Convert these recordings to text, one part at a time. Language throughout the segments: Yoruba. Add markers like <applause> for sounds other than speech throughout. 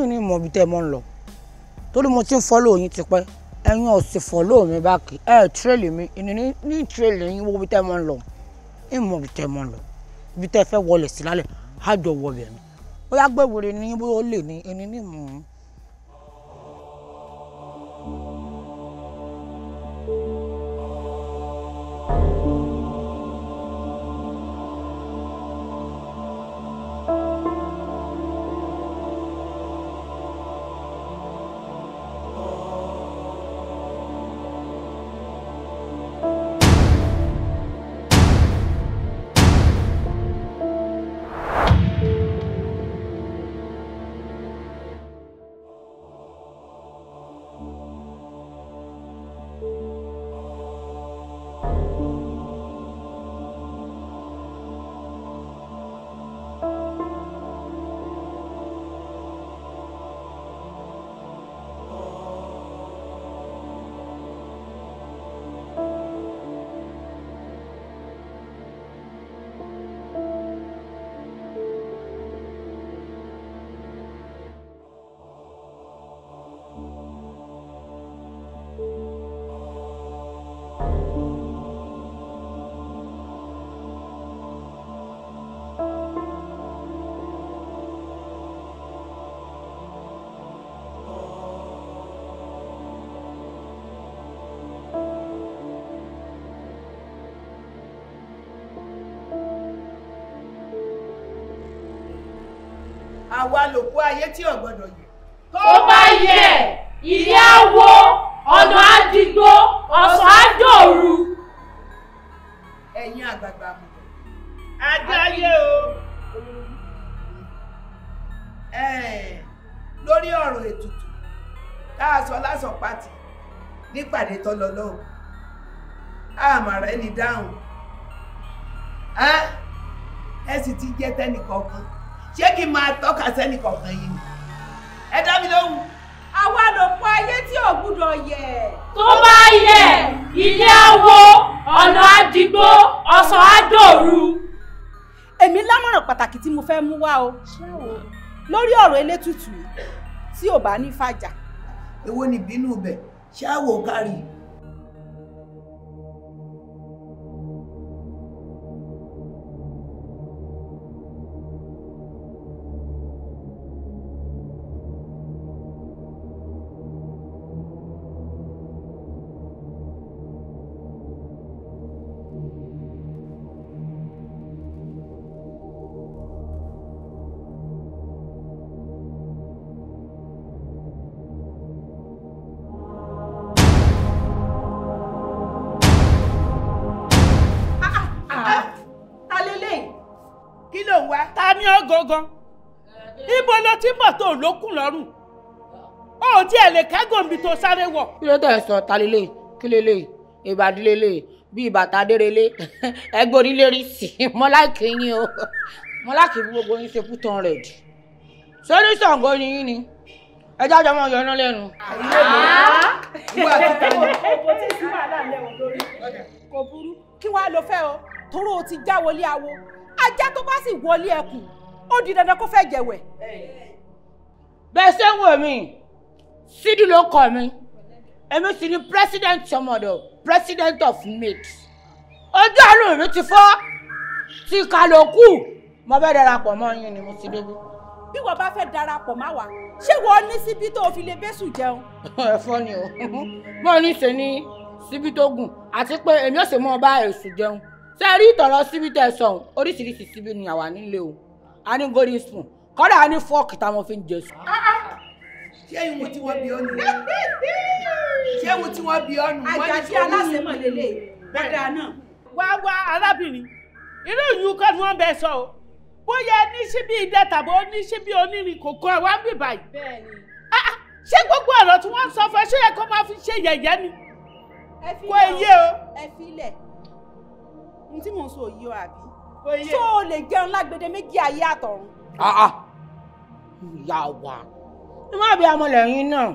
ní ní mọ̀ bí tẹ́ ẹ mọ̀ ń lọ torí mo ti ń fọ́ lóyún tipẹ́ ẹ̀yin ọ̀sìn fọ́ lóyún báàkì ẹ̀ tírélì mi ìní ní tírélì yín wo bí tẹ́ ẹ ń lọ ní mọ̀ bí tẹ́ ẹ ń lọ bí tẹ́ ẹ wọlé sí lálẹ́ àjọ wọ bóyá gbẹ̀wòrè ní bóyá ó lè ní ìní ní mọ̀ àwa lòkú ayé tí ò gbọdọ̀ yẹ. tó bá yẹ ilé á wó ọ̀nà á dìgbò ọ̀sán á dòru. ẹ̀yin àgbààgbà mọ̀ adáyé o lórí ọ̀rọ̀ ètùtù tá a sọ lásán pàtì nípàdé tó lọ lọ́hùn àmàrà ẹni dáhùn ẹ sì ti jẹ́ tẹ́nìkọ̀ọ̀kan ṣé kí n máa tọ́ka sẹ́nì kọ̀ọ̀kan yìí ni ẹ dá mi lóhùn. àwa ló pọ ayé tí ò gbúdọ̀ yẹ. tó bá yẹ ilé awo ọ̀nà àdìgbò ọ̀sán àdòru. èmi lámọ̀ràn pàtàkì tí mo fẹ́ mú wá o lórí ọ̀rọ̀ elétùtù tí ò bá ní fàjà. èwo ni ìbínú bẹ̀ ṣáà wò ó kárí. gangan ibo ló ti mọ̀ tó lókùn lọ́rùn o ò tiẹ̀ lè kẹ́gùn mi tó sáré wọ̀. kí ló tẹ̀ sọ ta lélẹ̀ kí lélẹ̀ ìbàdí lélẹ̀ bíi bàtà dérelé <laughs> ẹgbẹ́ onílérí sí <laughs> mọ́láìkì yín o mọ́láìkì gbogbo yín ṣe put on ready sórí Ṣàngó ni yín ni ẹ jáde ọmọ yọ iná lẹ́nu. kò burú kí wàá lo fẹ́ o tóró o ti já wọlé awo ajá tó bá sì wọlé ẹkùn ó di dandan kó fẹ́ jẹ̀wẹ̀. bẹ́ẹ̀ ṣé ń wò mí sídì ló kọ mi èmi sì ni president tọmọdọ president of mate ojú àánú mi ti fọ́ ti kàlòkù mo fẹ́ darapọ̀ mọ́ yín ni mo ti débi. bí wọ́n bá fẹ́ darapọ̀ má wá ṣé wọ́n ní síbi tó fi lè bẹ́sù jẹun. <laughs> ẹ̀fọ́ ni o <laughs> mo ní ṣe ní síbi tó gùn àti pé èmi ò sì mọ bá èṣù jẹun ṣe rí ìtọ̀rọ̀ síbi tẹ̀ oríṣiríṣi síbi ni àwa nílé o a ní golden spoon kọ́dà a ní fọ́ọ̀kì táwọn fi ń jẹ sùn. Ah, ah. ṣé ìwọ̀n tí wọ́n bí ọ́ nù? ṣé ìwọ̀n tí wọ́n bí ọ́ nù? àjàdí aláṣẹmọ̀ lélẹ̀ bàdà náà. wá wá arábìnrin irú ìyún kọ́ ni wọ́n bẹ sọ o bóyá ní síbí idẹ tàbí ó ní síbí onírin kò kọ́ ẹ̀ wá ń bì báyìí. bẹ́ẹ̀ni. Ah, ṣé gbogbo ọ̀rọ̀ tí wọ́n sọ fún ẹ ṣé yẹ kó máa fi ṣe yẹ̀yẹ́ ni? kó yé o. ẹ fi ilẹ̀ ohun tí sọ yìí ọ àbí ṣó o lè jẹun lágbede méjì ayé àtọ̀run. Ah, ah. ìyá wa ni má bí amọ̀lẹ́yìn náà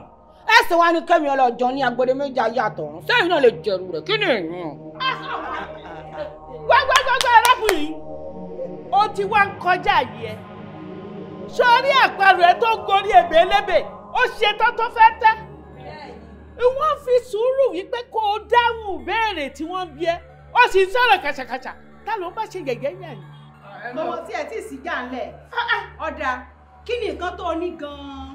ẹ̀sìn wa ni kẹ́mi ọlọ́jọ́ ní agbede méjì ayé àtọ̀run sẹ́yìn náà lè jẹ̀rù rẹ̀ kí ni èèyàn. gbẹ́gbẹ́gbẹ́ arákùnrin ó ti wá ń kọjá yìí ẹ sórí àparò ẹ tó ń gorí èbélébè ó ṣe tán tó fẹ́ tẹ́ wọ́n fi sùúrù wípé kó o dáhùn ìbéèrè tí wọ́n bí ẹ ó sì ń sọ̀rọ̀ kàṣàkàṣà ta ló ń bá ṣe yẹ̀yẹ́ yàn yìí. mọ̀mọ́ tí ẹ ti sì já ń lẹ̀ ah, ah. ọ̀dà kí ni nǹkan tó ní gan-an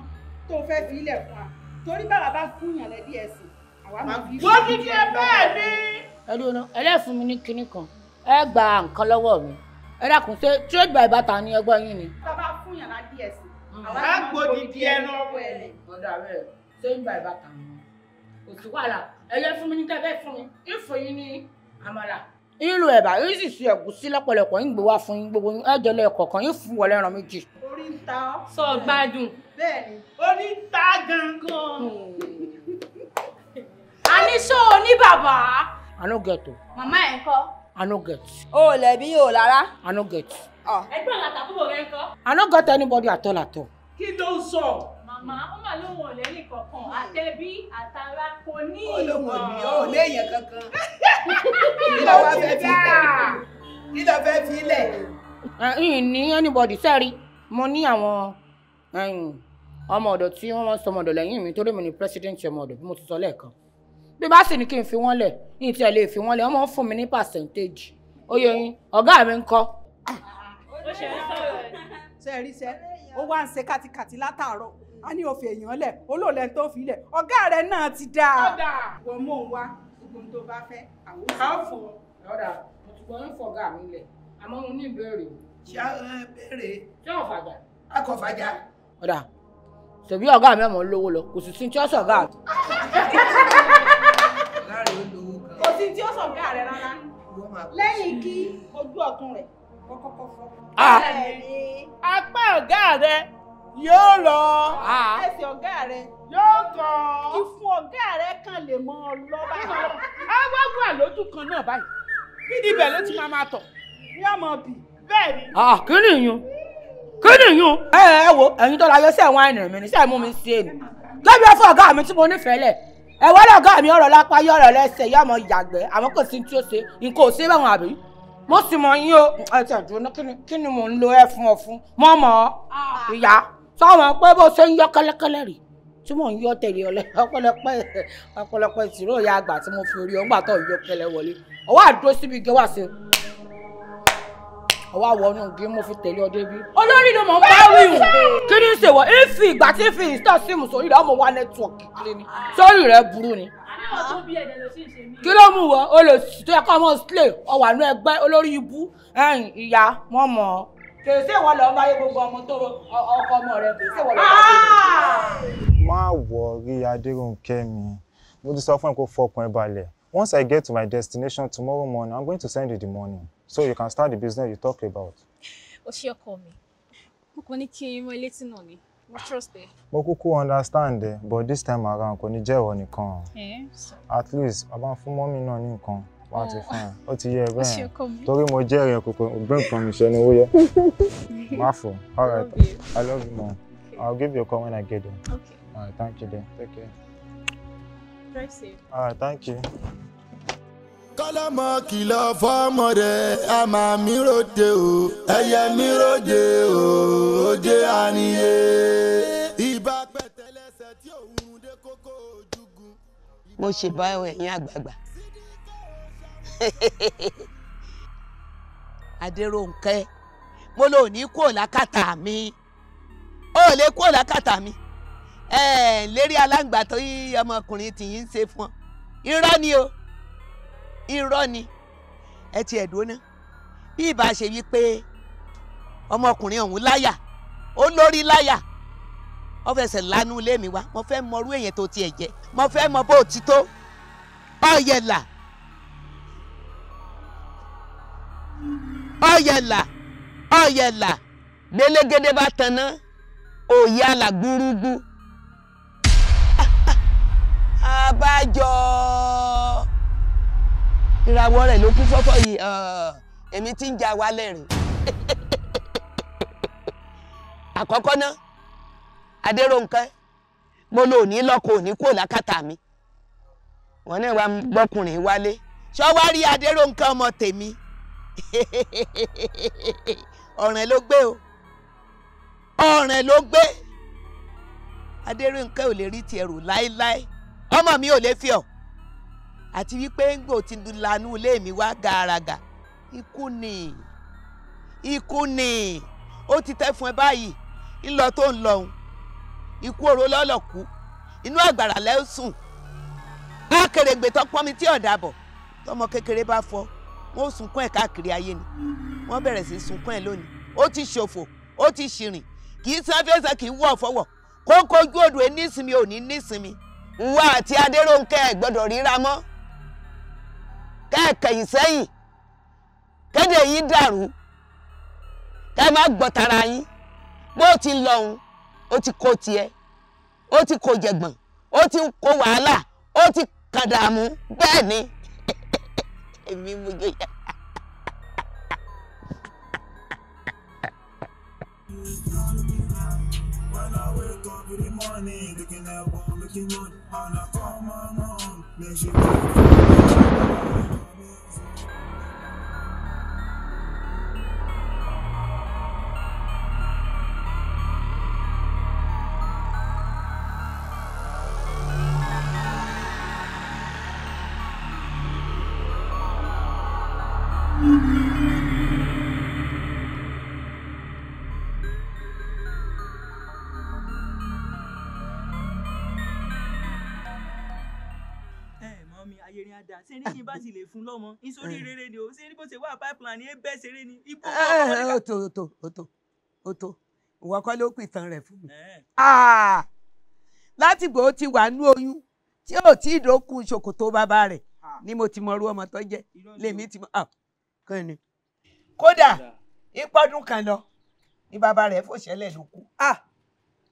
tó fẹ́ fi ilẹ̀ fún wa torí bàbá bá fún yàn lẹ́bí ẹ̀sìn àwa máa fi. wọ́n ti di ẹgbẹ́ mi. ẹ lóna ẹlẹ́fun mi ní kinní kan ẹ gba nǹkan lọ́wọ́ mi ẹ dákun ṣe trade by barter ni ẹgbẹ́ yín ni. bàbá fún yàn lẹ́bí ẹ̀sìn àwa máa gbòdì di ẹnu ọwọ́ ẹ̀ ọ̀dà rẹ̀ trade by barter ni òsì wàhálà ẹlẹ́fun ń lo ẹ̀bà yín sì ṣe ẹ̀gúsí lọ́pọ̀lọpọ̀ yín gbé wá fún yín gbogbo ẹ̀jọ̀ lọ yín fún wọlé ẹran méjì. orí ń ta ọ́. sọ gbádùn. bẹ́ẹ̀ni orí ń ta gangan. aníṣó <laughs> oní bàbá. i no get o. màmá ẹ̀ kọ́. i no get. o ò lẹ̀bi o rárá. i no get. ẹgbẹ́ làtàkùn rẹ̀ ń kọ́. i no get anybody at all at all. kí ló ń sọ? màá mà lóun ò lẹ́nì kankan hmm. àtẹ̀bí àtàrà kò ní ìwọ̀n. olóhùn òní ò léèyàn kankan <laughs> kí ló wá fẹ́ fi lẹ̀ kí ló fẹ́ fi lẹ̀. ẹ̀yin eh, ní anybody sẹ́ẹ̀rí mo ní àwọn eh, ọmọ ọ̀dọ̀ tí wọ́n sọ ọmọ ọ̀dọ̀ lẹ́yìn mi torí mi ni president ọmọ ọ̀dọ̀ bí mo ti sọ lẹ́ẹ̀kan bí bá sì ní kí n fi wọ́n lẹ̀ ní ti ẹ̀ lè fi wọ́n lẹ̀ wọ́n fún mi ní percentage ó yín ọ̀gá mi ń kọ́. Ah. ó ṣe é sọ̀rọ̀ ẹ̀. ṣe é rí sẹ́ ó wá ń ṣe kátikáti látàárọ̀ a ní òfin èèyàn lẹ̀ olóòlẹ̀ tó fi lẹ̀ ọ̀gá rẹ̀ náà ti dà. ọ̀dà wọ́n mò ń wá gbogbo tó bá fẹ́ àwọn ọ̀fọ̀. ọ̀dà mo ti gbọ́ ń fọ̀gá mi lẹ̀ àmọ́ mo ní ìbéèrè. ṣé béèrè. ṣé ọ̀fàjà. akọ̀fàjà. ọ̀dà ṣebí ọ̀gá mi ọmọ lówó lọ kò sì sí tí ó sọ̀gá. <laughs> kò sí tí ó sọ̀gá rẹ̀ rárá lẹ́yìn kí ojú ọ̀tún rẹ̀ kọ́kọ́kọ́ fọ́. Ah! apá ọ̀gá rẹ̀ yóò lọ. Ah. ẹsẹ̀ ọ̀gá rẹ̀. yóò kọ́. ìfun ọ̀gá rẹ̀ kan lè mọ ọ lọ báyìí. a wá wà lójú kan náà báyìí kí ni ibẹ̀ ló ti máa máa tọ̀. ní ọmọ bì bẹ́ẹ̀ ni. Ah, kí ni ìyún kí ni ìyún. ẹ ẹ wo ẹ̀yin tó la yọ sí ẹ̀wọ̀n àìnà mi ní sẹ́ẹ̀ mú mi sí èmi lọ́bẹ̀ fún ọ̀gá mi tí mo nífẹ̀ẹ́ lẹ̀ ẹ̀wọ́n lọ ọ̀gá mi ọ̀rọ̀ lápá yọ ọ̀rọ̀ lẹ́sẹ̀ yọ ọmọ yàgbẹ́ àmọ́ kò sí tí ó ṣe nǹkan ò ṣe báwọn àbí mo sì mọ yín o ẹ tẹ̀ dùn kí ni mo ń lo ẹ fún ọ fún mọ́ ah. ìyá sáwọn pé bó ṣe ń yọ kẹ́lẹ́kẹ́lẹ́ rè tí mò ń yọ tẹ̀lé ọlẹ́ ọ̀pọ̀lọpọ̀ ọ̀pọ̀lọpọ̀ ìṣòro ìyá àgbà tí mo fi orí ọgbà tó yọ kẹ́lẹ́ wọlé ọwọ́ àdúró síbi gẹ́wà sí i ọwọ́ àwọnú gí mo fi tẹ̀lé ọdẹ bí. olórí ni mò ń bá wí hù kí ni ṣèwọ ìfì ìgbà tí fi install sim sórí rẹ ọmọ wa network kiri ni sórí rẹ burú ni. kí ló mú wọ olùsí tó yẹ kó ọmọ slay ọwà nú ẹgbẹ́ olórí ibú ìyá mọ́mọ́ kèsè ìwọ lọ bá yé gbogbo ọmọ tó ọkọ ọmọ rẹ kèsè ìwọ lọ bá ah! mo ti sọ fún ẹ kó fọkàn ẹ balẹ̀ once i get to my destination tomorrow morning i'm going to send you the money so you can start the business you talk about. o ṣe ọkọ mi mo kàn ní kí n mọ ilé tí náà ni mo trust ẹ. mo kúkú understand ẹ but this time around kò ní jẹ́ ìwọ nìkan at least bàbá fún mọ́mí náà ní nǹkan wọ́n ti fún ẹ ó ti yẹ ẹgbẹ́ yẹn torí mo jẹ́ ẹ̀rẹ̀ kòkò ògbẹ́ nǹkan mi ṣe ni ó <laughs> má fò all right i love you mom i'll give you a call when i get there okay. all right thank you then take care. all right thank you. kọ́lọ́mọ kìlọ̀ a máa mi ròde o ẹyẹ mi ròde o òde àníyé. ibà pẹ̀tẹ́lẹsẹ̀ tí òun dé kókó ojúgun. mo ṣèbáwọ̀ ẹ̀yin àgbààgbà adéròǹkẹ́ mo lò ní kúò lákàtà mi ó lè kúò lákàtà mi ẹ lérí aláǹgbà tó yí ọmọkùnrin tìyí ń ṣe fún ọ irọ́ ni o irọ́ ni ẹ ti ẹ̀dùn ná bí ìbá ṣe wí pé ọmọkùnrin ọ̀hún láyà ó lórí láyà ó fẹsẹ̀ lánú ilé mi wá mo fẹ́ mọrú èèyàn tó tiẹ̀ jẹ́ mo fẹ́ mọ bó ti tó ọ̀yẹ̀là. ọyala ọyala belegede bá tanná òyàlà gbúrúgbú <laughs> abájọ ìràwọ̀ rẹ̀ ló kú fọ́fọ́ yìí èmi ti ń ja wa lẹ́rìn <laughs> àkọ́kọ́ ná adéròǹkẹ́ mo lò ní lọ́kọ̀ òní kò lákàtà mi wọn náà wá gbọ́kùnrin wálé ṣọ́ wá rí adéròǹkẹ́ ọmọ tèmi. <laughs> ọ̀ràn ló gbé o ọ̀ràn ló gbé adéròǹkẹ́ ò lè rí tiẹ̀ rò láéláé ọmọ mi ò lè fi ọ́ àti wípé ngbò ti lanú ilé mi wá gàràgà ikú ni ikú ni ó ti tẹ́ fún ẹ báyìí ńlọ tó ń lọhùn ikú oró lọ́lọ́kú inú àgbàrá lẹ́sùn á kèrègbè tó pọ́nmi tí ọ̀dà bọ̀ tọmọ kékeré bá fọ́ wọn ò sunkún ẹ̀ káàkiri ayé ni wọ́n bẹ̀rẹ̀ sí sunkún ẹ̀ lónìí ó ti ṣòfò ó ti ṣìrìn kì í san fẹsẹ̀ kì í wọ̀ fọwọ́ kókó ojú odò ẹ nísinmi ò ní nísinmi ìwọ àti adéròǹkẹ́ ẹ̀ gbọ́dọ̀ ríra mọ́ kẹ́ẹ̀kẹ́yìn sẹ́yìn kéde yìí dàrú kẹ́ẹ̀ má gbọ́tara yín bó ti lọ́hùn ó ti kó tiẹ̀ ó ti kó jẹ̀gbọ̀n ó ti kó wàhálà ó ti kàdàmú bẹ́ẹ̀ ni. Hindi mo ganyan. When I wake up in the morning, looking at what, looking good, and I call my mom, make me. padà ṣe ní kí n bá ti lè fún lọ́mọ nítorí rere ni o ṣe ní bó ṣe wà pipeline ẹ bẹ́ẹ̀ ṣeré ni ibò eh, kọ́ ọ̀tọ̀ ọ̀tọ̀ ọ̀tọ̀ ọ̀tọ̀ ìwọ kọ́ ló pìtàn rẹ̀ fún mi. Eh. Ah! látìgbò ó ti wà nú oyún tí ò tí ì dókun ṣòkòtò bàbá rẹ̀ ah. ni mo ti mọrú ọmọ tó jẹ́ lèmi ti mọ ah, kàn ni. kódà ìpọ́dún kan lọ ni bàbá rẹ̀ fòṣẹ́lẹ̀ ló kú.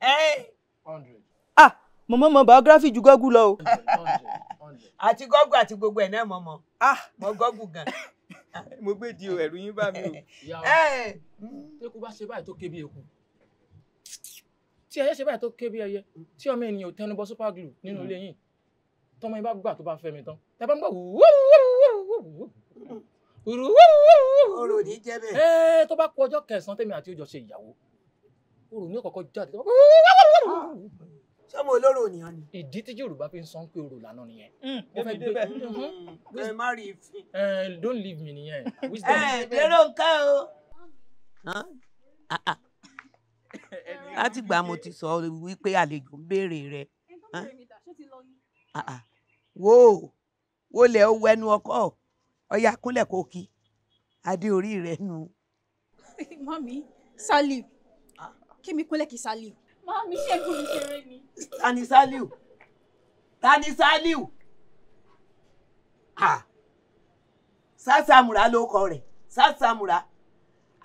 Eh! mo mọ̀ mọ̀ biography ju gọ́gù lọ o. <laughs> àti gọ́gù àti gbogbo ẹ̀ náà mọ̀ mọ̀ ah! mọ̀ gọ́gù gan. <laughs> mo gbé di o ẹ̀rù yín bá mi o. eku bá ṣe báyìí tó ké bí eku tí ẹyẹ ṣe báyìí tó ké bí ẹyẹ tí ọmọ ènìyàn ò tẹnubọ super glue nínú ilé yìí tọmọ yín bá gbà tó bá fẹ́ mi tán tẹ bá ń gbà wúrú orò ní jẹ bẹ́ẹ̀. ẹ tó bá kú ọjọ́ kẹsàn-án tèmi àti ọjọ́ ṣe ìyàwó orò ní kọ́kọ́ jáde tó bá kú sọmọ olóró ònìyàn ni. ìdí tí yorùbá fi ń sọ pé orò lànà nìyẹn. Mm, mo fẹ́ mm-hmm. Mm-hmm. gbé ẹ má rí ìfín. Eh, don't leave me nìyẹn. ẹ dèrò nǹkan o. Ah, ah. láti gbà mo ti sọ wípé àlejò ń béèrè rẹ. wo ah, wo lẹ ó wẹnu ọkọ ọyà kúnlẹ̀ kó kí adé orí rẹ nu. mọ́mí sálíù kí mi kúnlẹ̀ kí sálíù. Mami ṣe kò ní ni. Tani Saliu. Tani Saliu. Sásámùrà ló kọ rẹ̀. Sásámùrà.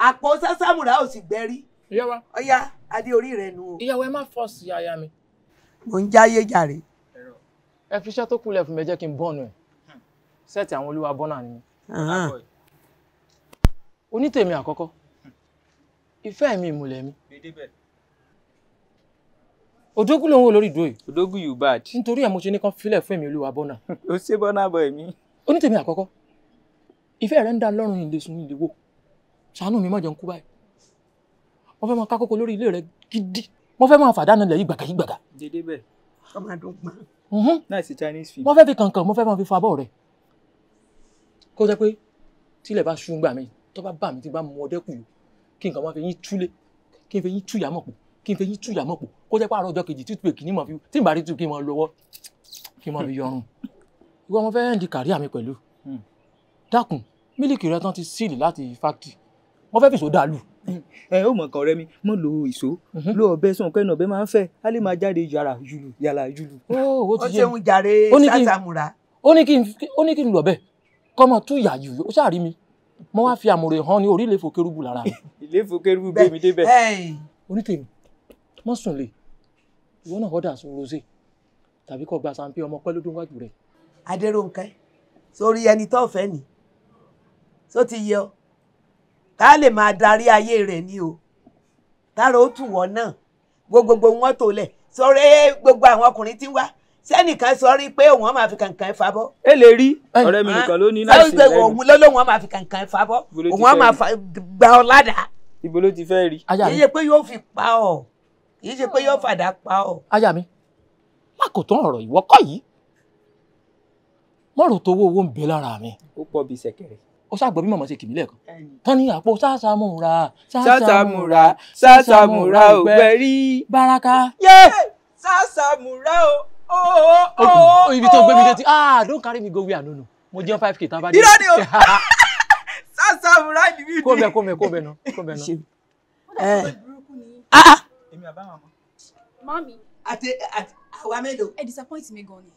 Àpò Sásámùrà ò sì gbẹ́rí. Ìyá wa. Ọya adé orí rẹ̀ nu o. Ìyàwó ẹ má fọ́ọ̀sì aya mi. Mo ń jáyé jàre. Ẹ fi iṣẹ́ tó kulẹ̀ fún mi jẹ́ kí n bọ́ọ̀nù ẹ̀. Sẹ́ẹ̀tì àwọn olúwa bọ́nà ni. Onítèmi àkọ́kọ́. Ìfẹ́ mi ìmùlẹ̀ mi. Odogu ló ń wò lórí ìdúró yìí. òdógù you bad. nítorí ẹ̀ mo ṣe ní kán filẹ̀ fún èmi olúwa bọ́nà. o ṣe bọ́nà bọ̀ èmi. onítèmi àkọ́kọ́ ìfẹ́ rẹ̀ ń dá lọ́rùn ilé sun ilé wo ṣàánú mi má jẹun kú báyìí mo fẹ́ máa ká kókó lórí ilé rẹ gidi mo fẹ́ máa fàdánù ilẹ̀ yìí gbàgà yìí gbàgà. dédé bẹ́ẹ̀ ọmọ àdùn pa. náà sí Chinese film. mo fẹ́ fi kànkàn mo fẹ́ máa fi fa bọ́ọ̀ rẹ kó jẹ́ pé tílẹ̀ ba ṣú gbà mí tó bá bà mí tí bá mu ọdẹ́kùn yìí kí nǹkan máa fi yín túlé kí n fi yín túyàmọ̀pọ̀ kí n fi yín túyàmọ̀pọ̀ kó jẹ́ pààrọ̀ ọjọ́ kejì títú èkì ní mọ̀ fi tí n bá rí tú kí n mọ̀ lọ́wọ́ kí n mọ̀ fi yọrùn ìwọ ọmọ fẹ́ẹ́ ń di kàrí àmì pẹ̀lú hmm. dákun mílìkì rẹ tán ti síìlì láti fáktì wọ́n fẹ́ẹ́ fèsò dàlù. ẹ ó mọ̀ kàn rẹ mi mo lo ìṣó mhm. lo ọbẹ̀ sùn kẹ́nu ọbẹ̀ máa ń fẹ́ á lè máa jáde yàrá yùlù yàrá yùlù. Oh, ó ti yé mi ó ní kí n ó ní kí n lọ bẹ́ẹ̀ kọ́mọ tú yà yùyù ó ṣáà rí mi mo wá fi àmùrè hàn ní orí ilé ìfòkérúbù lára mi. <laughs> ilé ìfòkérúbù bẹ́ẹ̀ mi débẹ̀. onítèmi mọ́sùn lè ìwọ náà ọ̀dà sun rosé tàbí kọ́ gba sanpé ọmọ pẹ́ lọ́dún wájú rẹ̀. adéròǹkẹ́ sórí ẹni tó fẹ́ ni tó ti yẹ ọ tá a lè máa darí ayé rẹ̀ ni o tára ó tù wọ́n náà gbogbogbò wọn tó lẹ̀ sọ̀rọ̀ gbogbo àwọn ọkùnrin tí ń wá sẹ́nìkan sọ rí pé òun máa fi kankan fa bọ́. ẹ lè rí ọ̀rẹ́ mi nìkan ló ní láì sí lẹ́nu. òun ló máa fi kankan fa bọ́ òun máa gba ọ ládàá. ibo ló ti fẹ́ rí. ayé pé yóò fi pa ọ kì í ṣe pé yóò fàdá pa ọ. aya mi má kò tán ọ̀rọ̀ ìwọ kọ́ yìí mọ́rò tó owó owó ń bẹ lára mi. ó pọ̀ bíi ṣẹ̀kẹ̀rẹ̀. ó ṣàgbọ́ bí màmá ṣe kìmílẹ̀ kan. tán ní àpò ṣàṣàmùrà ṣàṣàmùrà ṣàṣàmùrà ògbẹ́rí. baraka. yé ṣàṣàmùrà o. ogun ibi tó gbé mi létí ah don't carry me go where no no mo jẹun five k tán bá dé. irọ́ ni o <laughs> ṣàṣàmùrà ìdíbí. kó bẹ kó bẹ kó bẹ nà kó bẹ nà èmi àbá màmá. mọ́mí. àti àti àwa mélòó. ẹ disappoint mi gan ni.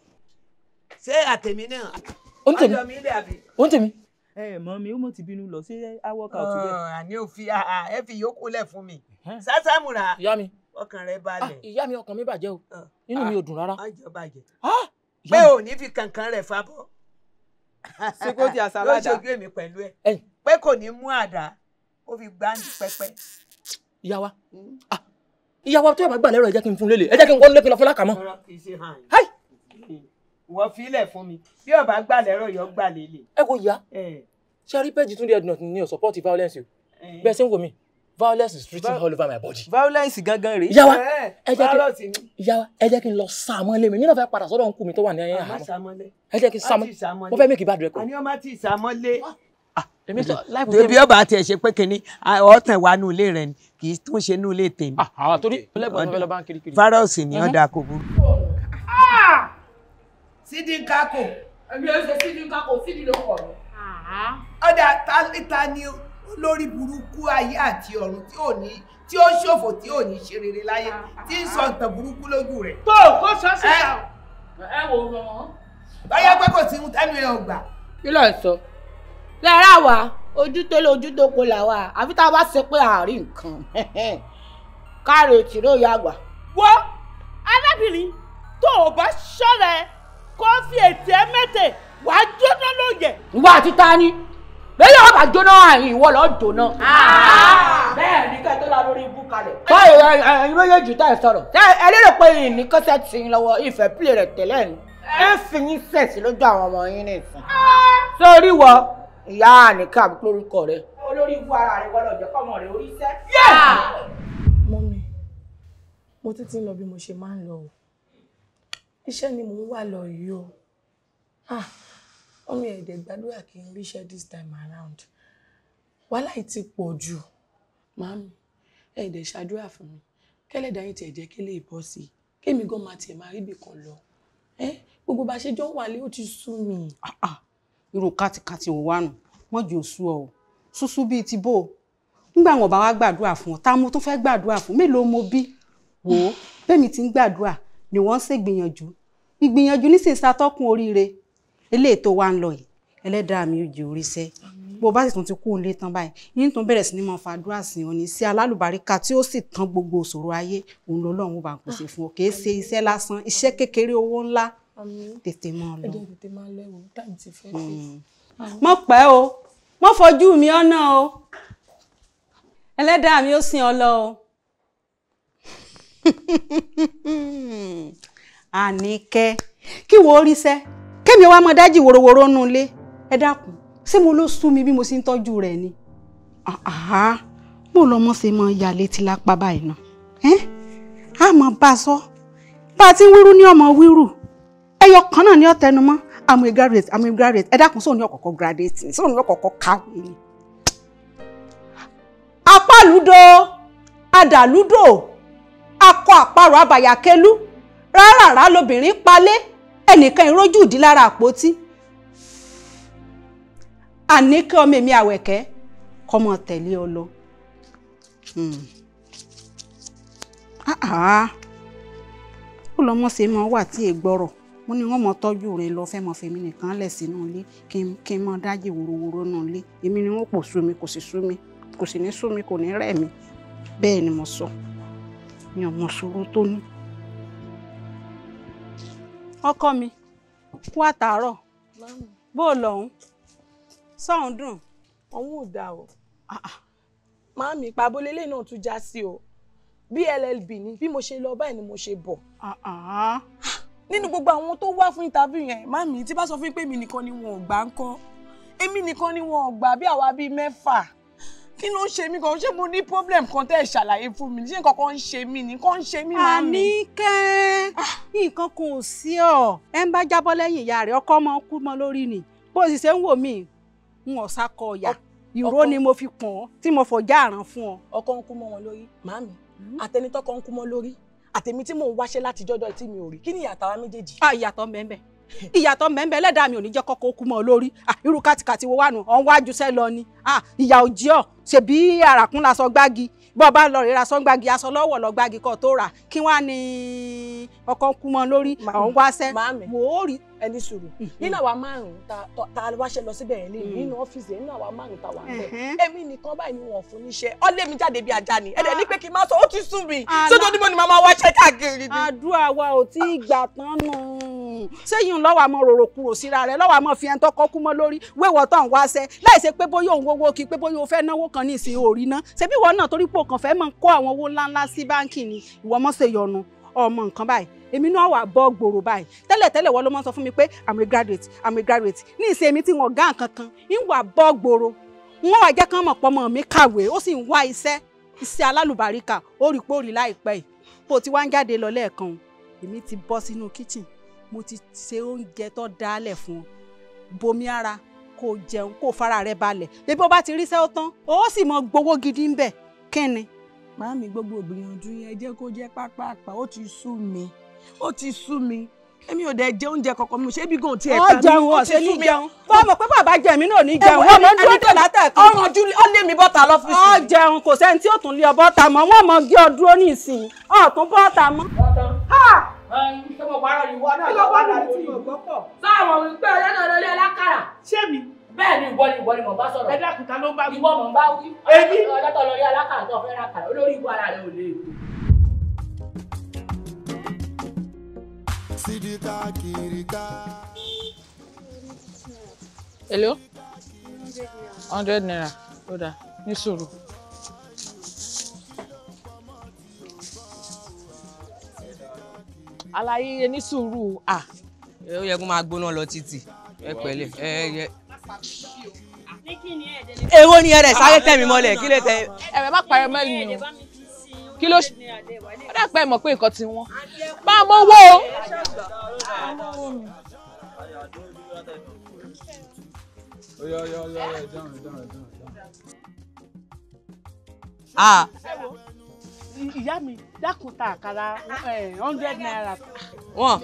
ṣé àtẹ̀mí náà. ó ń tèmi ó ń tèmi. ẹ mọ mi ó mọ ti bínú lọ sí awọkà òtún bẹ́ẹ̀. àní òfin ẹ fi yòókù lẹ fún mi sásàmùrà. ìyá mi ọkàn rẹ balẹ̀. Ah, ìyá mi ọkàn mi bàjẹ́ o inú mi ò dùn rárá. ọjọ́ bàjẹ́ ah, pé ò ní fi kankan rẹ̀ fabọ́. ṣé kó di àsálàdà yóò ṣojú èmi pẹ̀lú ẹ pé kò ní mú àdá ó fi gbáǹdì pẹ́pẹ́. ìyá wa hmm. ah, ìyàwó tó yàgbà gbà lẹ́rọ ẹ jẹ́ kí n fún lélẹ̀ ẹ jẹ́ kí n wọ́n lẹ́kìn lọ fún lákàmọ́. wọ́n filẹ̀ fún mi bí ọba gbà lẹ́rọ yọ gbà lélẹ̀. ẹ wo ìyá ṣe rí pẹ́ẹ́jì túndé ẹ̀dùnà ni ò support violence o bẹ́ẹ̀ ṣe ń wò mí violence is written all over my body. violence gangan rèé. ìyá wa ẹ jẹ́ kí ìyá wa ẹ jẹ́ kí n lọ sàmọ́lé mi nínú fẹ́ padà sọ́dọ̀ nkú mi tó wà ní ẹ̀yìn àhámọ́ ẹ jẹ́ kí n sàmọ́lé mo fẹ́ mẹ́kì bá dùn ẹ̀ kọ́. àní ti sàmọ́lé èmi sọ láìpù tèmi. tèmi ọba àti ẹ̀ṣẹ̀ pé kínní ọ̀tàn wà nù ilé rẹ ni kì í tún ṣe nù ilé tèmi. àwọn ah, ah, torí ọlẹ́gbọ̀n tó fẹ́ lọ bá ń kiri kiri. virus ni ọ̀dà kò burú. Ah! sídi ń kákò. èmi ò ṣe sídi ń kákò sídi ló pọ̀ mí. ọ̀dà ta ni olórí burúkú ayé àti ọ̀run tí ò ní tí ó ṣòfò tí ò ní ṣe rere láyé tí ń sọ ìtàn burúkú lójú rẹ̀. tó kó sọ síta ẹ wò ó mọ. báyọ̀ pé kò sí lára wa ojútó lójútó kò là wá àfi tá a bá ṣe pé àárín nǹkan <laughs> káàrò tìró yàgbà. wo arábìnrin tó o bá ṣọ́ra ẹ kó fi ètè ẹ mẹ́tẹ̀ wá jóná lóye. ìwà àti ta ni bẹ́ẹ̀ yóò bá jóná àyìn ìwọ lọ́ọ́ jóná. Ah! bẹ́ẹ̀ ni kẹ́ tó la lórí ibú kalẹ̀. báyìí ẹ ẹ irú yóò jù tá ẹ sọ̀rọ̀. ẹ lérò pé ìníkọ́sẹ̀ ti ń lọ́wọ́ ìfẹ́ pílẹ̀ rẹ̀ tẹ́lẹ̀ ni eh. ẹ fi yín sẹ̀sì lójú àwọn ọmọ yín nìkan. sórí ah! wọ ìyá àníkà lórúkọ rẹ. olórí ibú ara rẹ wọlé ọjọ́ kọmọ rẹ orí iṣẹ́. mọ́mí mo títí ń lọ bí mo ṣe máa ń lọ o iṣẹ́ ni mò ń wà lọ yìí o ọmọ ẹ̀dẹ̀ gbàdúrà kí n ríṣẹ́ this time around wàhálà yìí ti pọ̀ jù màámi ẹ̀dẹ̀ ṣàdúrà fún mi kẹ́lẹ́dà yìí tiẹ̀ jẹ́ kí lè bọ́ sí i kémi gan máa tiẹ̀ máa ríbì kan lọ gbogbo bá ṣe jọ wà lé ó ti sú mi. Ah, ah irú kátikátì ò wà nù wọ́n jò sú ọ o ṣúṣú bíi ti bò ó nígbà wọn bá wá gbàdúrà fún ọ tá mo tún fẹ́ gbàdúrà fún mélòó mo bí wò ó bẹ́ẹ̀mi ti ń gbàdúrà ni wọ́n ń ṣègbìyànjú ìgbìyànjú nísìnyí ṣàtọ́kùn oríire eléyìí tó wá ń lọ yìí ẹlẹ́dàá mi ò jẹ́ oríṣẹ́ bó bá sì tún ti kú un lé tán báyìí yín tún bẹ̀rẹ̀ sí ni máa fàdúrà sí ọ ní sí alálùbáríkà tí ó sì tán gbogbo òṣòro ayé òun lọ́lọ́run ó bá ń pèsè fún ọ kì í ṣe iṣẹ́ lásán iṣẹ́ kékeré owó ńlá tètè máa lọ. ẹjẹ tètè máa lọ ẹwọ táìmù ti fẹ́ fi. Hmm. mo pẹ́ o mo fojú mi ọ̀nà o ẹlẹ́dàá mi ó sin ọ lọ o. <laughs> àníkẹ́ kí wo orí sẹ́ kémi wá mọ dájì wòrowòro nù lé ẹ dákun ṣé mo ló sú mi bí mo ṣe ń tọ́jú rẹ̀ ni. mo lọ́mọ ṣe mọ ya létí lápá báyìí náà a mọ̀ bá a sọ bá a ti ń wíru ní ọmọ wíru ẹyọ kan náà ni ó tẹnu mọ́ àmì graduate àmì graduate ẹ dákun sóun ní ọ̀kọ̀ọ̀kọ̀ graduate sóun ní ọ̀kọ̀ọ̀kọ̀ kàwé ni. apálùdó adàlúdò akọ àparò abàyàkélú rárá lobìnrin palẹ̀ ẹnìkan ìrójú ìdí lára àpótí àníkẹ́ ọmọ èmi àwẹ̀kẹ́ kọ́mọ tẹ̀lé ọ lọ. Hmm. ó lọ́mọ́ máa wà tí ègbọ́rọ̀ wọ́n ní wọ́n mọ tọ́jú rẹ lọ fẹ́ mọ fèmí nìkan lẹ̀ sínú ilé kí n mọ dájì wòrowòro nù ilé èmi ni wọ́n pò sú mi kò sì sú mi kò sì ní sú mi kò ní rẹ̀ mi bẹ́ẹ̀ ni mo sọ mi ò mọ ṣòro tó ní. ọkọ mi kú àtàárọ̀ bó o lọ́hún sọ́hún dùn. ọ̀hún ò dáa o ah, ah. màámi pàbólélé náà tún já sí o bí llb ni bí mo ṣe lọ báyìí ni mo ṣe bọ̀. Ah, nínú gbogbo àwọn tó wá fún interview yẹn mami tí bá sọ fún mi pé èmi nìkan ni wọn ò gbà ń kọ́ èmi nìkan ni wọn ò gbà bí àwa bíi mẹ́fà kí ló ń ṣe mí kan ṣé mo ní problem kan tẹ́ ẹ̀ ṣàlàyé fún mi ṣé nǹkan kan ń ṣe mí nǹkan ń ṣe mí máa Àníkẹ́ ah. nǹkan kan ò sí ọ ẹ ń bá jábọ́ lẹ́yìn ìyá rẹ̀ ọkọ ọmọ kú mọ́ lórí ni bó o sì ṣe ń wò mí n ò kọ ọ̀yà ìró ni mo fi pọ̀n tí mo fọ̀ já àràn fún ọ. ọkọ ń kú mọ́ wọn lórí màámi hmm? àtẹnitọ́kọ ń kú mọ́ lórí àtèmi tí mò ń wáṣẹ́ láti jọ́jọ́ tí mi ò rí kí ni ìyàtọ̀ àwọn méjèèjì. a ah, ìyàtọ̀ mẹ́mẹ́ ìyàtọ̀ mẹ́mẹ́ ẹlẹ́dàá mi ò ní jẹ́ kọ́kọ́ kú mọ́ ọ lórí ah, irú kàtìkàtì wo wà nù ọ̀n wájú sẹ́ lọ ni ah, ìyà òjì ọ̀ ṣèbí àràkún la sọ gbági bọ́ bá lọ rẹ̀ ra sọ́ngbági aṣọ lọ́wọ́ lọ gbági kọ́ tó rà kí wọ́n á ní ọkọ̀ kú mọ́ lórí àwọn wá sẹ́ wò ó rí ẹni sùúrù mhm. nínú àwa márùn ta wá ṣe lọ síbẹ̀ ẹni mhm. nínú ọ́fíìsì nínú àwa márùn ta wà ńbẹ̀ èmi nìkan báyìí ni wọn fún níṣẹ́ ọlẹ́mi jáde bíi ajá ni ẹ̀dẹ̀ ní ah. pé kí n máa sọ ó ti sùn mí sójú onímọ̀ ni màmá wá káàkiri ni. àdúrà wa ò tí ì gbà tán nù sẹ́yìn lọ́wọ́ àmọ́ rorò kúrò síra rẹ̀ lọ́wọ́ àmọ́ fi ẹni tọ́kọ́ kú mọ́ lórí wéwọ̀ tán wá sẹ́ láì ṣe pé bóyá òun owó kí pé bóyá o fẹ́ náwó kan ní ìsìn òrí ná ṣebí ìwọ náà torí pé o kàn fẹ́ máa kó àwọn owó ńláńlá sí báńkì ni ìwọ mọ́ ṣe yọnu ọmọ nǹkan báyìí èmi náà wà bọ́ gbòòrò báyìí tẹ́lẹ̀ tẹ́lẹ̀ wọ́n ló máa sọ fún mi pé i'm a graduate i'm a graduate ní ìṣe èmi tí wọ́n gá nǹkan kan ń wà bọ́ gbòòrò wọ́n wà jẹ́ kán mọ̀ pọ́mọ mi kàwé ó sì ń wá iṣẹ́ iṣẹ́ alálùbáríkà ó rí pòrí láìpẹ́ yìí bó ti wá ń jáde lọ lẹ́ẹ̀kan èmi ti bọ́ sínú kíchìn mo ti ṣe oúnjẹ tó dálẹ̀ fún ọ bomi ara kó o jẹun kó o fara rẹ balẹ̀ débi ó bá ti ríṣẹ́ ó tán ó sì mọ gbowó gidi ń bẹ̀ kẹ́ni. màámi gbogbo ìgbìyànjú yẹn jẹ́ kó jẹ́ pápápá ó ti sú mi ó ti sú mi èmi ò dẹ jẹ oúnjẹ kankan mi ṣé bí gan tiẹ̀ pa mi ó ti sú mi jẹun fọmọ pé bàbá jẹmí náà ní jẹun wọn mọ dúró dè látẹkùn ọrùn ojú ó lé mi bọ́ta lọ́fíìsì. ọ jẹun kò sẹ́ni tí ó tún lé ọ bọ́ta mọ́ wọ́n mọ gé ọ dúró nísìnyí ọ̀ tún bọ́ta mọ́ ṣé ni wọ́n náà lọ́wọ́ wípé ọlọ́dọ̀ lórí mi. bẹ́ẹ̀ ni ìwọ ni ìwọ ni mò bá sọ̀rọ̀. ẹ dákun ló ń bá ìwọ mò bá wí. èmi. ọlọ́dọ̀ lórí tó fẹ́ ra kàrà olórí ìwọ ara rẹ ò lè. sídìkà kìrìkà. èló hundred naira ó dáa ní sùúrù. aláyé ní sùúrù à. ó yẹ kó máa gbóná lọ títì ẹ pẹ̀lẹ́ ẹ yẹ. èwo ni ẹrẹ sáré tẹ̀mí mọ́lẹ̀ kí lè tẹ. ẹ̀rẹ̀ má parẹ́ mẹ́rin o kí ló ṣe ọ̀dà pẹ́ mọ̀ pé nǹkan ti wọ́n bá a mọ̀ wó o. Ah ìyá mi dákun ta àkàrà hundred naira. wọn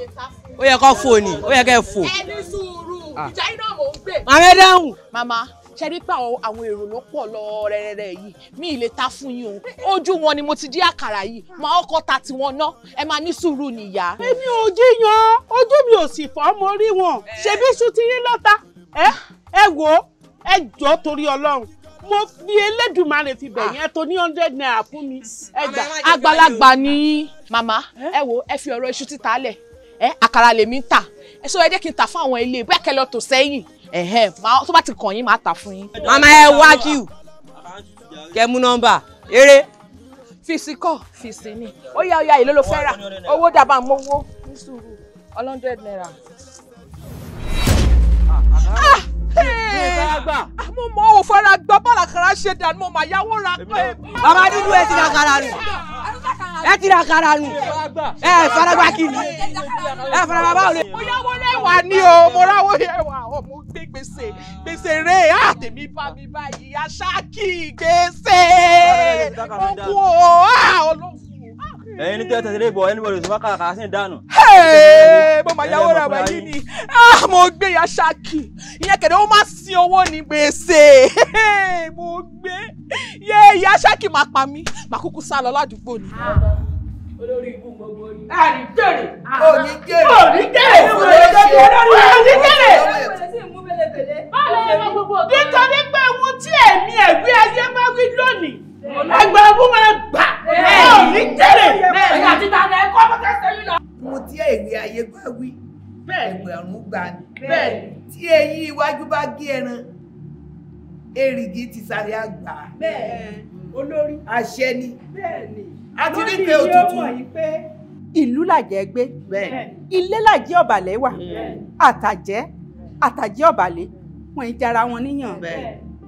ó yẹ kó fò ní ó yẹ kó fò. ẹni sùúrù ah. ìjà iná mò ń gbè. màmá dáhùn. màmá ṣe rí pé àwọn èrò ló pọ̀ lọ rẹ́rẹ́rẹ́ yìí mi ì lè ta fún yín o ojú wọn ni mo ti jí àkàrà yìí máa ọkọ ta tiwọn ná ẹ máa ní sùúrù nìyá. èmi ò jiyàn ojú mi ò sì fọ́ mo rí wọn eh. ṣebí sùn ti yín lọ́ta ẹ wò ó ẹ jọ̀ọ́ torí ọlọ́run mo fi Elédùmarè fi bẹ̀ yẹn ah. tó ní hundred naira fún mi ẹgbà àgbàlagbà ni màmá eh? ẹ wo ẹ fi ọ̀rọ̀ iṣu títa lẹ̀ ẹ eh, àkàrà lèmi ń tà ẹ sọ ẹ jẹ́ kí n tà fún àwọn ilé bẹ́ẹ̀ kẹ́ lọ tò sẹ́yìn ẹ̀hẹ́ tó bá ti kàn yín máa tà fún yín. màmá ẹ wá kí u kẹ mú nọ́mbà eré. fisi kọ fisi ni ó yá ó yá èló ló fẹ́ rà owó dàbà mọ́wó ní sùúrù ọlọ́ndẹ̀ẹ́d náírà mo mọ òwò fara gba bọ́ọ̀lù àkàrà ṣe dànù mo mà yáwó ra pé. bàbá dúdú ẹ ti ra kara nù ẹ ti ra kara nù ẹ faragba kìíní ẹ faragba báwo lè. mo yáwó lẹ́wà ni o mo ráwó lẹ́wà o mo gbé gbèsè gbèsè rè é á tèmi bá mi báyìí aṣáàkì gbèsè mo kú o olóòfò ẹyin ní tẹ́tẹ́ tẹ́lẹ̀ bọ̀ ẹni bọ̀dọ̀ sọ́kà kà á sì dànù. mo máa yáwó ra wáyé ni mo gbé ya ṣáàkì ìyẹn kẹ̀dẹ̀ ó má sin owó ní gbèsè <laughs> mo gbé yé ìyá ṣáàkì máa pa mí màá kúkú sá lọ ládùúgbò ni. Ah. olórí ibú gbogbo yìí. àrí jèrè. òní ah. jèrè. òní jèrè. òní jèrè. òní jèrè. nítorí pé ohun tí ẹ̀mí ẹ̀gbé ayé bá wí lónìí ẹgbẹ́ ogún máa gbà. òní jèrè. bẹ́ẹ̀ ni àti tàbí ẹ̀kọ́ bọ́kẹ́sẹ̀ yìí lọ. mo ti ẹ̀gbé ayé bá wí ẹgbẹ̀rún gbà ní bẹ́ẹ̀ tí eyín iwájú bá gé ẹran èrìgì ti sáré àgbà olórí àṣẹ ni àti nípe òtútù ìlú làjẹ́ gbé ilé làjẹ́ ọ̀bàlẹ̀ wà àtàjẹ́ àtàjẹ́ ọ̀bàlẹ̀ wọn ì jara wọn níyàn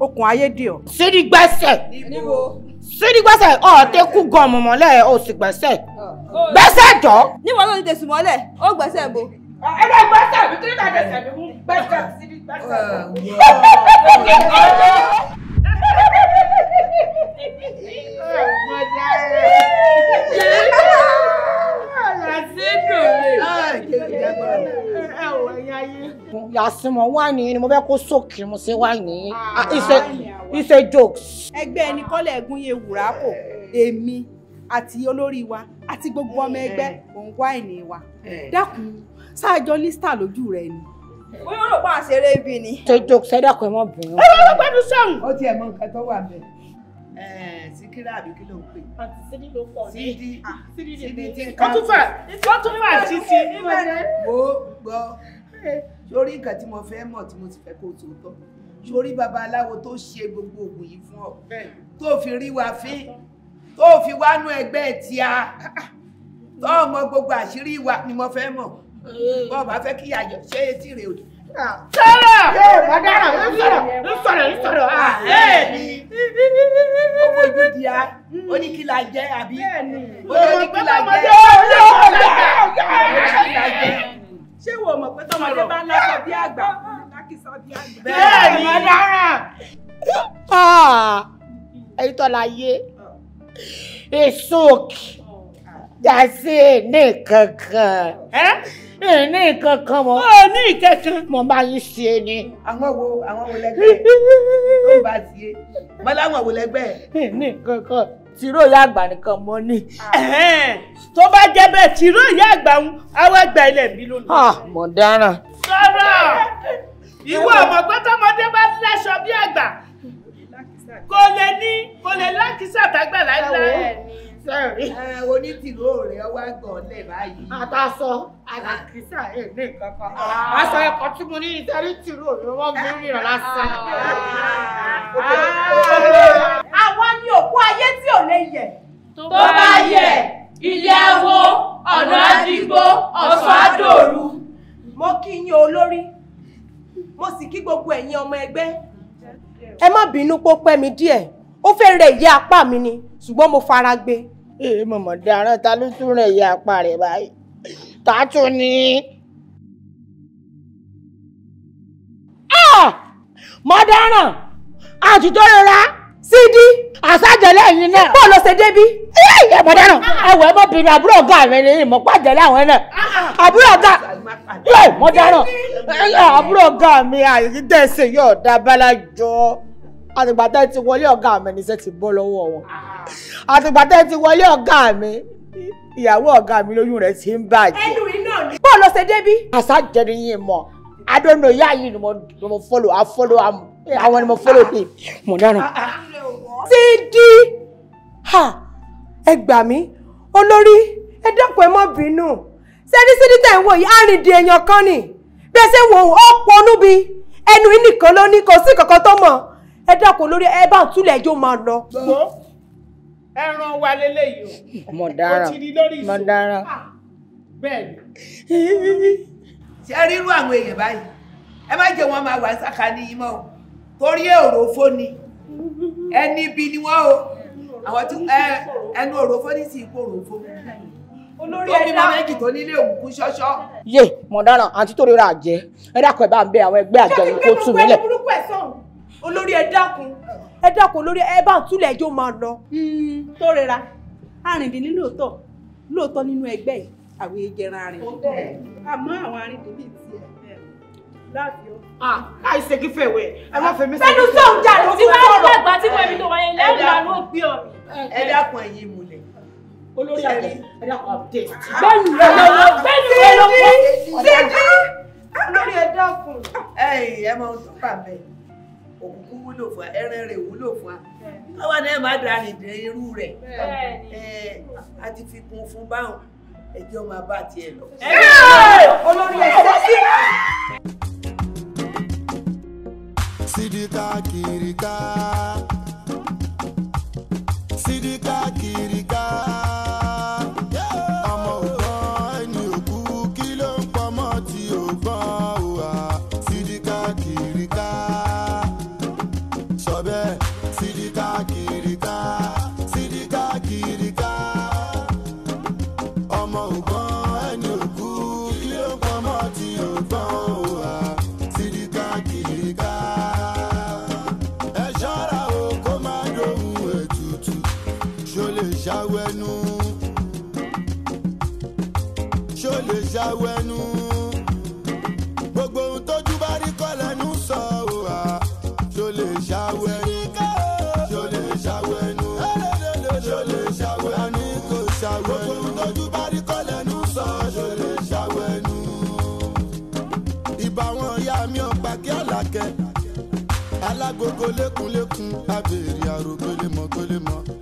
okùn ayédìọ. sídìgbẹ́sẹ̀ sídìgbẹ́sẹ̀ ọ̀ọ́dẹ kú gan mọ̀mọ́lẹ̀ o sì gbẹ́sẹ̀ gbẹ́sẹ̀ jọ. níwọ̀n ló ti tẹ̀sùn mọ́lẹ̀ ó gbẹ́sẹ̀ bo ẹ̀rọ ìgbésẹ̀ mi three hundred and seven gbẹ́sẹ̀ sí ní gbẹ́sẹ̀. Yàsímọ̀ wà ní ni mo fẹ́ kó sókè mo ṣe wà ní ìṣe ah, jokes. Ẹgbẹ́ ẹni kọ́lẹ̀ ẹ̀gún yẹ wùrà kò èmi àti olórí wa àti gbogbo ọmọ ẹgbẹ́ òun wà ní wa. Eh. Dákun ṣáàjọ lísítà lójú rẹ ni. bóyá ó pa àṣẹrẹ ibi ni. jọjọ sẹdàkọ ẹ mọ bùnú. ẹ wọ́n gbẹ́dùn sọ̀hún. ó tiẹ̀ mọ nǹkan tó wà bẹ́ẹ̀. Ẹ̀ẹ́ síkírà àbí kí ló ń pè. Àti sídì ló pọ̀ ní. Sídì ah, sídì tí nǹkan. Wọ́n tún fà wọ́n tún fà títí. Mo gbọ́ sórí nǹkan tí mo fẹ́ mọ̀ tí mo ti fẹ́ kó o tòótọ́ sórí babaláwo tó ṣe gbogbo oògùn yìí fún ọ tó fi rí wa fín tó fi wánú ẹgbẹ́ tí a tó mọ gbogbo àṣírí wa ni mo fẹ́ mọ̀ bọ́ọ̀ bá fẹ́ kí àyọ̀ ṣe etí rẹ̀ òdì. sọ̀rọ̀ yóò bá dára ń sọ̀rọ̀ ń sọ̀rọ̀ ń sọ̀rọ̀ àbẹ́ẹ̀ni ó fojú di a ó ní kí la jẹ́ àbí ó ní kí la jẹ́ ó ní kí la jẹ́ ṣé wo mọ̀ pé tọmọdé bá ń lọ́sọ̀ bí àgbà lákìsọ bí àgbà. bẹ́ẹ̀ni bá dára. ẹ̀yin tọ́lá yé èso òkè dàsí ní ẹ ní nǹkan kan mọ́. ọ ní ìkẹkàn. mo bá yín sí e ni. àwọn wo àwọn wo lẹgbẹ́ ló ń bá sí e mo láwọn wo lẹgbẹ́. ẹ ní nǹkan kan tìró ìyá àgbà nìkan mọ ni. Ah. tó bá jẹ́ bẹ́ẹ̀ tìró ìyá àgbà ń àwọn àgbà ilẹ̀ mi ló lọ. mo dáràn. sọ̀rọ̀ ìwọ ọmọ gbọ́tọ́mọdé bá lẹ́sọ̀ bí àgbà kò lè ní kò lè lákìsà tágbà láíláí sẹ́ẹ̀rí. onítìlú òòrè ọwọ́ àgbọ̀n lẹ̀ báyìí. àtàsọ àlàkísà ah. ẹ̀ ní nǹkan kan. aṣọ ẹ̀kọ́ tí mo ní ìtẹ́rí tìlú òòrè wọ́n fi ń rìnrìn lásán. Ah. àwa ni òkú ayé tí ò lè yẹ̀. tó bá yẹ̀ ilé ẹwọ ọ̀nà àdìgbò ọ̀sán àdòru. mo kí yín olórí mo sì kí gbogbo ẹ̀yin ọmọ ẹgbẹ́. ẹ má bínú pó mi díẹ̀ ó fẹ́ rẹ̀ ìyá apá mi ni ṣùgbọ́n mo fara gbé. ee mọ̀mọ́ dáná ta ló tún rẹ̀ ìyá apá rẹ̀ báyìí ta tún ni. Ah! mọ dáràn àtúntò rọra sídí àsájẹlẹ yìí náà. bọ́ọ̀lù ṣe débí. ẹ mọ dáràn ẹwọ ẹ mọ ah! bínú àbúrò ọgá mi ni ìmọ̀ pàjẹ́lẹ̀ àwọn náà ah! àbúrò ọgá ẹ mọ dáràn àbúrò ọgá mi àyè tẹ̀sí yóò dá bálájọ́ àtìgbà tẹ́ ti wọlé ọ̀gá mi níṣẹ́ ti bọ́ lọ́wọ́ wọn ah. àtìgbà tẹ́ ti wọlé ọ̀gá mi ìyàwó ọ̀gá mi lóyún rẹ̀ ti ń bàjẹ́. ẹnu iná ni. bọ́ọ̀ lọ ṣe débí. àṣà jẹni yín mọ adóńdó ìyá yìí ni mo follow i follow am àwọn ni mo follow dé mo dáràn. Ah, ah. ti di ẹ gbà mí olórí ẹ dẹ́kun ẹ má bínú sẹ́ni sídìí tẹ̀ ń wò yìí àrìndì èèyàn kan ni bí ẹ ṣe ń wò ó pọnú bí ẹnu yìí nìkan ló ní kò sí kankan tó mọ̀ ẹ dákun lórí ẹ bá túlẹ̀ ẹjọ́ máa lọ. ẹran wa leléyìí o mo dára mo dára. Ah, bẹ́ẹ̀ ni ṣe rírú àwọn èèyàn báyìí ẹ má jẹ́ wọn máa wà sàkání yìí mọ́ o torí èrò fóni ẹni ibi ni wọ́n o àwọn tí ẹnu òrò fóni sì kó òrò fóni olórí ẹ̀dá ọmọ méjì tó nílé òkú ṣọ́ṣọ́. yé mọ̀dáràn àǹtí tó rírà jẹ́ ẹ̀dá kan ẹ̀ bá ń bẹ àwọn ẹgbẹ́ àjọ yìí kó tù mílẹ̀. ṣé kí n gbé gbogbo ẹ̀ sọ̀rọ̀ olórí ẹ dákun ẹ dákun olórí ẹ bá túlẹ̀ ẹjọ́ máa lọ. Hmm, tó rẹra arìndínlẹ́ lóòótọ́ lóòótọ́ nínú ẹgbẹ́ yìí àwọn ìjẹran arìn. àmọ́ àwọn arìndínlẹ́ tiẹ̀ láti ọ. àìsè kí fẹ́ wẹ̀ ẹ má fẹ́ mi sọ. fẹ́nu sọ̀rọ̀ jà ló ti wọ́n rọ̀. ìgbà tí wọ́n mi tó wáyé lẹ́yìn àánú òbí ọ̀ ẹ dákun ẹ̀yin ìmùlẹ̀ olórí àlè ẹ dákun àbùdẹ̀. bẹ́ẹ̀ni rẹ̀ lọ́wọ́ bẹ́ẹ̀ni rẹ̀ lọ́wọ́. ṣé kí lórí ẹ dákun. Ah. Ah. ẹ ẹ mọ ohun tó fà bẹ́ẹ̀ òkùnkùn wúlò fún wa ẹran rẹ̀ wúlò fún wa káwa náà má dà nìdẹ irú rẹ̀ a ti fi kún fún báwọn ẹjọ́ máa bá tiẹ̀ lọ. olórí ẹ̀sẹ̀ sí. sídìkà kìrìkà sídìkà. alágogo lékunlékun abèrè àrògbélémọgbélémọ.